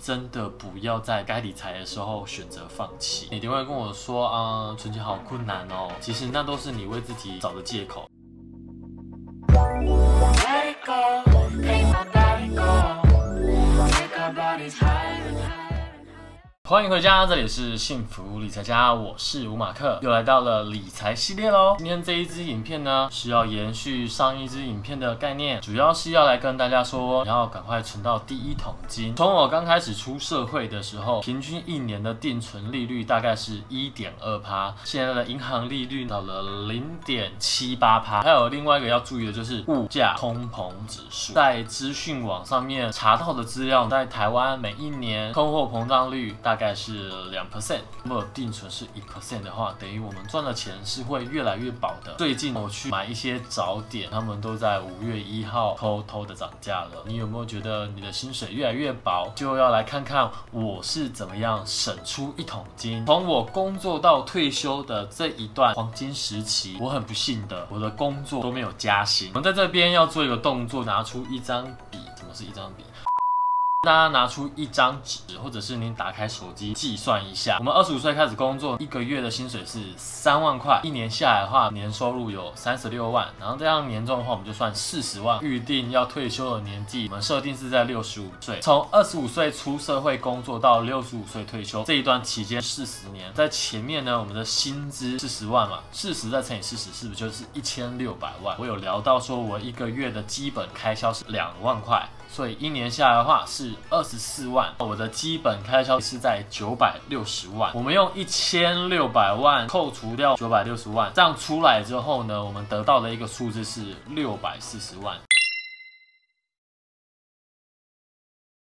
真的不要在該理財的時候選擇放棄。你一定會跟我說啊，存錢好困難哦。其實那都是你為自己找的借口。歡迎回家，這裡是幸福理財家，我是吳馬克，又來到了理財系列嘍。今天這一支影片呢，是要延續上一支影片的概念，主要是要來跟大家說，你要趕快存到第一桶金。從我剛開始出社會的時候，平均一年的定存利率大概是1.2趴，現在的銀行利率到了0.78趴。還有另外一個要注意的就是物價通膨指數，在資訊網上面查到的資料，在台灣每一年通貨膨脹率大。大概是兩 percent，如果定存是一 percent 的話，等於我們賺的錢是會越來越薄的。最近我去買一些早點，他們都在五月一號偷偷的漲價了。你有沒有覺得你的薪水越來越薄？就要來看看我是怎麼樣省出一桶金。從我工作到退休的這一段黃金時期，我很不幸的，我的工作都沒有加薪。我們在這邊要做一個動作，拿出一張筆，怎麼是一張筆？大家拿出一張紙，或者是您打開手機計算一下。我們二十五歲開始工作，一個月的薪水是三萬塊，一年下來的話，年收入有三十六萬。然後這樣年終的話，我們就算四十萬。預定要退休的年紀，我們設定是在六十五歲。從二十五歲出社會工作到六十五歲退休，這一段期間四十年，在前面呢，我們的薪資四十萬嘛，四十再乘以四十，是不是就是一千六百萬？我有聊到說，我一個月的基本開銷是兩萬塊。所以一年下來的話是二十四萬，我的基本開銷是在九百六十萬。我們用一千六百萬扣除掉九百六十萬，這樣出來之後呢，我們得到的一個數字是六百四十萬。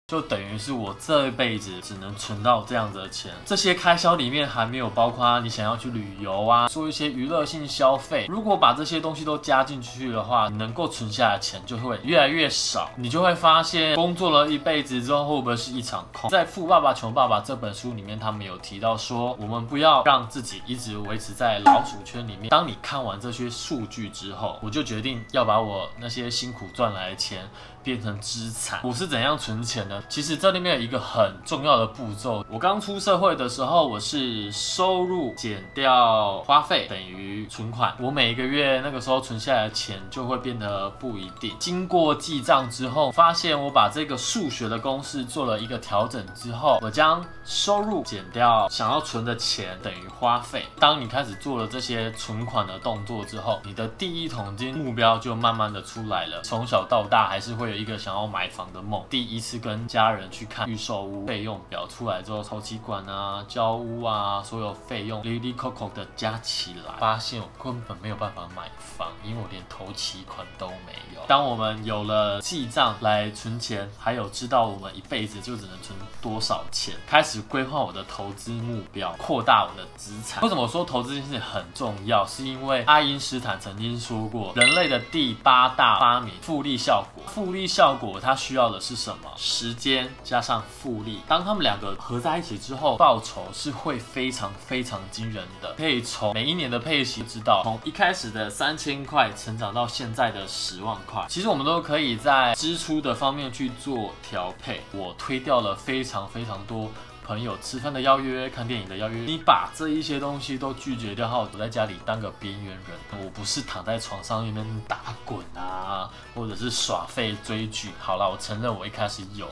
就等於是我這一輩子只能存到這樣子的錢，這些開銷裡面還沒有包括你想要去旅遊啊，做一些娛樂性消費。如果把這些東西都加進去的話，你能夠存下的錢就會越來越少，你就會發現工作了一輩子之後會不會是一場空？在《富爸爸窮爸爸》這本書裡面，他們有提到說，我們不要讓自己一直維持在老鼠圈裡面。當你看完這些數據之後，我就決定要把我那些辛苦賺來的錢變成資產。我是怎樣存錢的？其實這裡面有一個很重要的步驟。我剛出社會的時候，我是收入減掉花費等於存款。我每一個月那個時候存下來的錢就會變得不一定。經過記賬之後，發現我把這個數學的公式做了一個調整之後，我將收入減掉想要存的錢等於花費。當你開始做了這些存款的動作之後，你的第一桶金目標就慢慢的出來了。從小到大還是會有一個想要買房的夢。第一次跟家人去看預售屋費用表出來之後，頭期款啊、交屋啊，所有費用滴滴、扣扣的加起來，發現我根本沒有辦法買房，因為我連頭期款都沒有。當我們有了記賬來存錢，還有知道我們一輩子就只能存多少錢，開始規劃我的投資目標，擴大我的資產。為什麼說投資這件事很重要？是因為愛因斯坦曾經說過，人類的第八大發明——複利效果。複利效果它需要的是什麼？時間加上複利，當他們兩個合在一起之後，報酬是會非常非常驚人的。可以從每一年的配息知道，從一開始的三千塊成長到現在的十萬塊。其實我們都可以在支出的方面去做調配。我推掉了非常非常多朋友吃飯的邀約，看電影的邀約。你把這一些東西都拒絕掉後，躲在家裡當個邊緣人。我不是躺在床上那邊打滾啊，或者是耍廢追劇。好了，我承認我一開始有。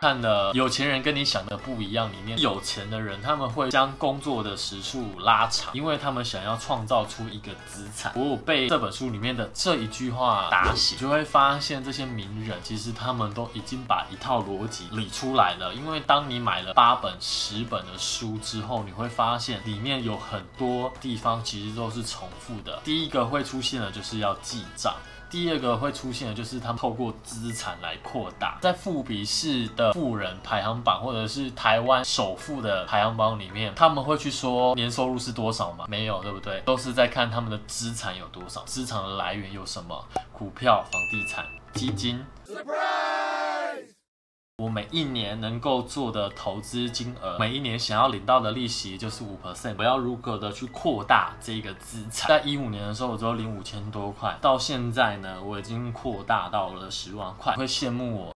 看了有錢人跟你想的不一樣，裡面有錢的人，他們會將工作的時數拉長，因為他們想要創造出一個資產。我有被這本書裡面的這一句話打醒，就會發現這些名人其實他們都已經把一套邏輯理出來了。因為當你買了八本、十本的書之後，你會發現裡面有很多地方其實都是重複的。第一個會出現的就是要記賬第二個會出現的就是他們透過資產來擴大，在富比士的富人排行榜或者是台灣首富的排行榜裡面，他們會去說年收入是多少嗎？沒有，對不對？都是在看他們的資產有多少，資產的來源有什麼？股票、房地產、基金。我每一年能夠做的投資金額，每一年想要領到的利息就是五 percent。我要如何的去擴大這個資產？在一五年的時候，我只有領五千多塊，到現在呢，我已經擴大到了十萬塊。你會羨慕我。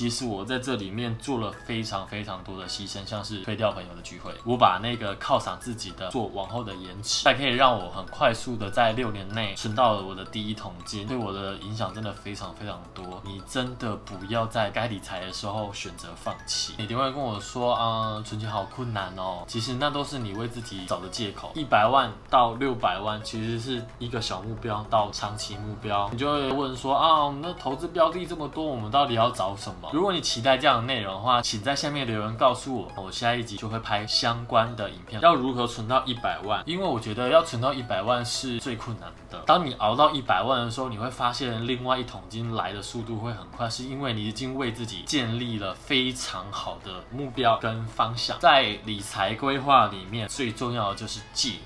其實我在這裡面做了非常非常多的犧牲，像是推掉朋友的聚會，我把那個犒賞自己的做往後的延遲，才可以讓我很快速的在六年內存到了我的第一桶金，對我的影響真的非常非常多。你真的不要在該理財的時候選擇放棄。你一定會跟我說，啊、嗯，存錢好困難哦。其實那都是你為自己找的借口。一百萬到六百萬，其實是一個小目標到長期目標。你就會問說，啊，那投資標的這麼多，我們到底要找什麼？如果你期待這樣的內容的話，請在下面留言告訴我，我下一集就會拍相關的影片。要如何存到一百萬？因為我覺得要存到一百萬是最困難的。當你熬到一百萬的時候，你會發現另外一桶金來的速度會很快，是因為你已經為自己建立了非常好的目標跟方向。在理財規劃裡面，最重要的就是記。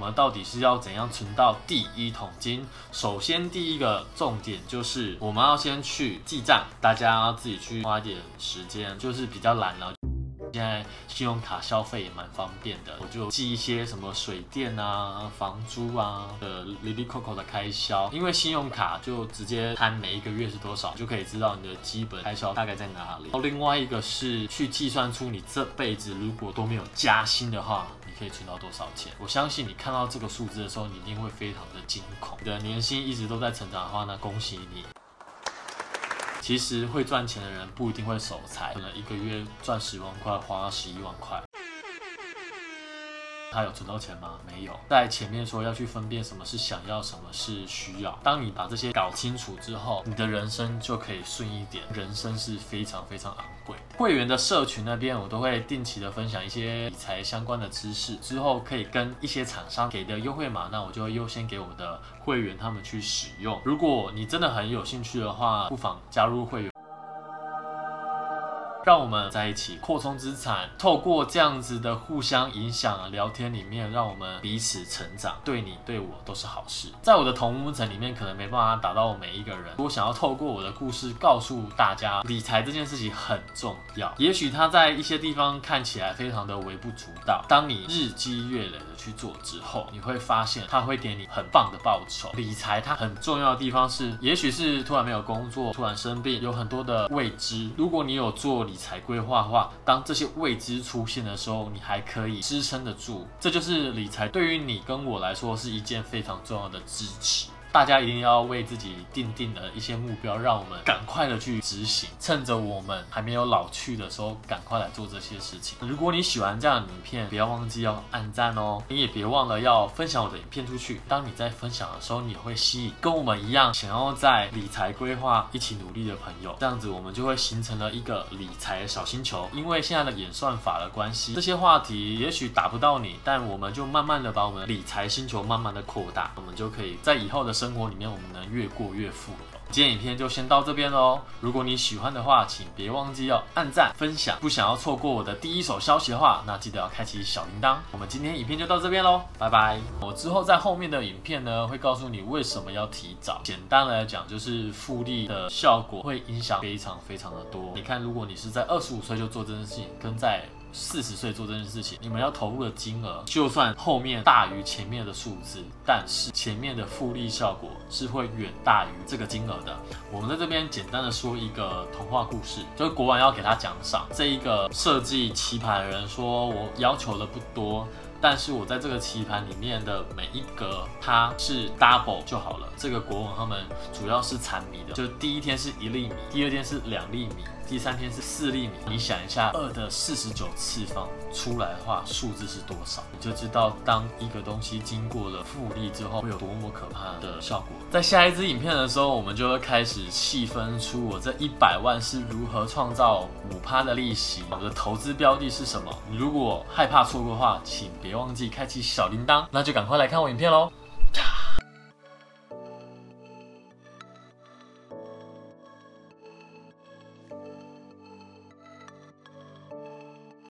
我們到底是要怎樣存到第一桶金？首先，第一個重點就是我們要先去記賬，大家要自己去花點時間，就是比較懶了。現在信用卡消費也蠻方便的，我就記一些什麼水電啊、房租啊的，哩哩叩叩的開銷。因為信用卡就直接攤，每一個月是多少，你就可以知道你的基本開銷大概在哪裡。另外一個是去計算出你這輩子如果都沒有加薪的話，你可以存到多少錢。我相信你看到這個數字的時候，你一定會非常的驚恐。你的年薪一直都在成長的話呢，那恭喜你。其實會賺錢的人不一定會守財，可能一個月賺十萬塊，花十一萬塊。他有存到錢嗎？沒有。在前面說要去分辨什麼是想要，什麼是需要。當你把這些搞清楚之後，你的人生就可以順一點。人生是非常非常昂貴的。會員的社群那邊，我都會定期的分享一些理財相關的知識。之後可以跟一些廠商給的優惠碼，那我就會優先給我的會員他們去使用。如果你真的很有興趣的話，不妨加入會員。讓我們在一起擴充資產，透過這樣子的互相影響啊、聊天裡面，讓我們彼此成長，對你對我都是好事。在我的同溫層裡面，可能沒辦法打到我每一個人。我想要透過我的故事告訴大家，理財這件事情很重要。也許他在一些地方看起來非常的微不足道，當你日積月累的去做之後，你會發現他會給你很棒的報酬。理財它很重要的地方是，也許是突然沒有工作，突然生病，有很多的未知。如果你有做理財規劃的話，當這些未知出現的時候，你還可以支撐得住，這就是理財對於你跟我來說是一件非常重要的支持。大家一定要為自己定定的一些目標，讓我們趕快的去執行，趁着我們還沒有老去的時候，趕快來做這些事情。如果你喜歡這樣的影片，不要忘記要按讚哦，你也別忘了要分享我的影片出去。當你在分享的時候，你也會吸引跟我們一樣想要在理財規劃一起努力的朋友，這樣子我們就會形成了一個理財的小星球。因為現在的演算法的關係，這些話題也許打不到你，但我們就慢慢的把我們的理財星球慢慢的擴大，我們就可以在以後的。生活裡面，我們能越過越富了喔。今天影片就先到這邊嘍。如果你喜歡的話，請別忘記要按讚、分享。不想要錯過我的第一手消息的話，那記得要開啟小鈴鐺。我們今天影片就到這邊嘍，拜拜。我之後在後面的影片呢，會告訴你為什麼要提早。簡單來講，就是複利的效果會影響非常非常的多。你看，如果你是在二十五歲就做這件事情，跟在四十歲做這件事情，你們要投入的金額，就算後面大於前面的數字，但是前面的複利效果是會遠大於這個金額的。我們在這邊簡單的說一個童話故事，就是國王要給他獎賞，這一個設計棋盤的人說，我要求的不多。但是我在這個棋盤裡面的每一格，它是 double 就好了。這個國王他們主要是殘米的，就第一天是一粒米，第二天是兩粒米，第三天是四粒米。你想一下，二的四十九次方出來的話，數字是多少？你就知道當一個東西經過了複利之後，會有多麼可怕的效果。在下一支影片的時候，我們就會開始細分出我這一百萬是如何創造五趴的利息，我的投資標的是什麼。你如果害怕錯過的話，請別。別忘記開啟小鈴鐺，那就趕快來看我影片嘍！